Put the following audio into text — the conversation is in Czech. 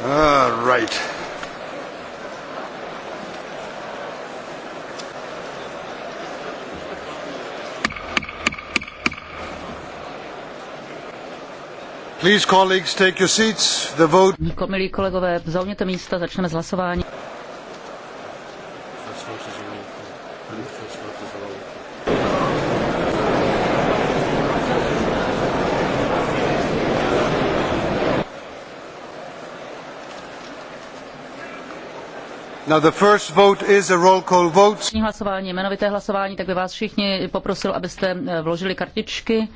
Uh, right. Please, colleagues, take your seats. The vote. Milí kolegové, zaujměte místa, začneme s hlasováním. Now the first vote is a roll call vote. Hlasování, jmenovité hlasování, tak by vás všichni poprosil, abyste eh, vložili kartičky.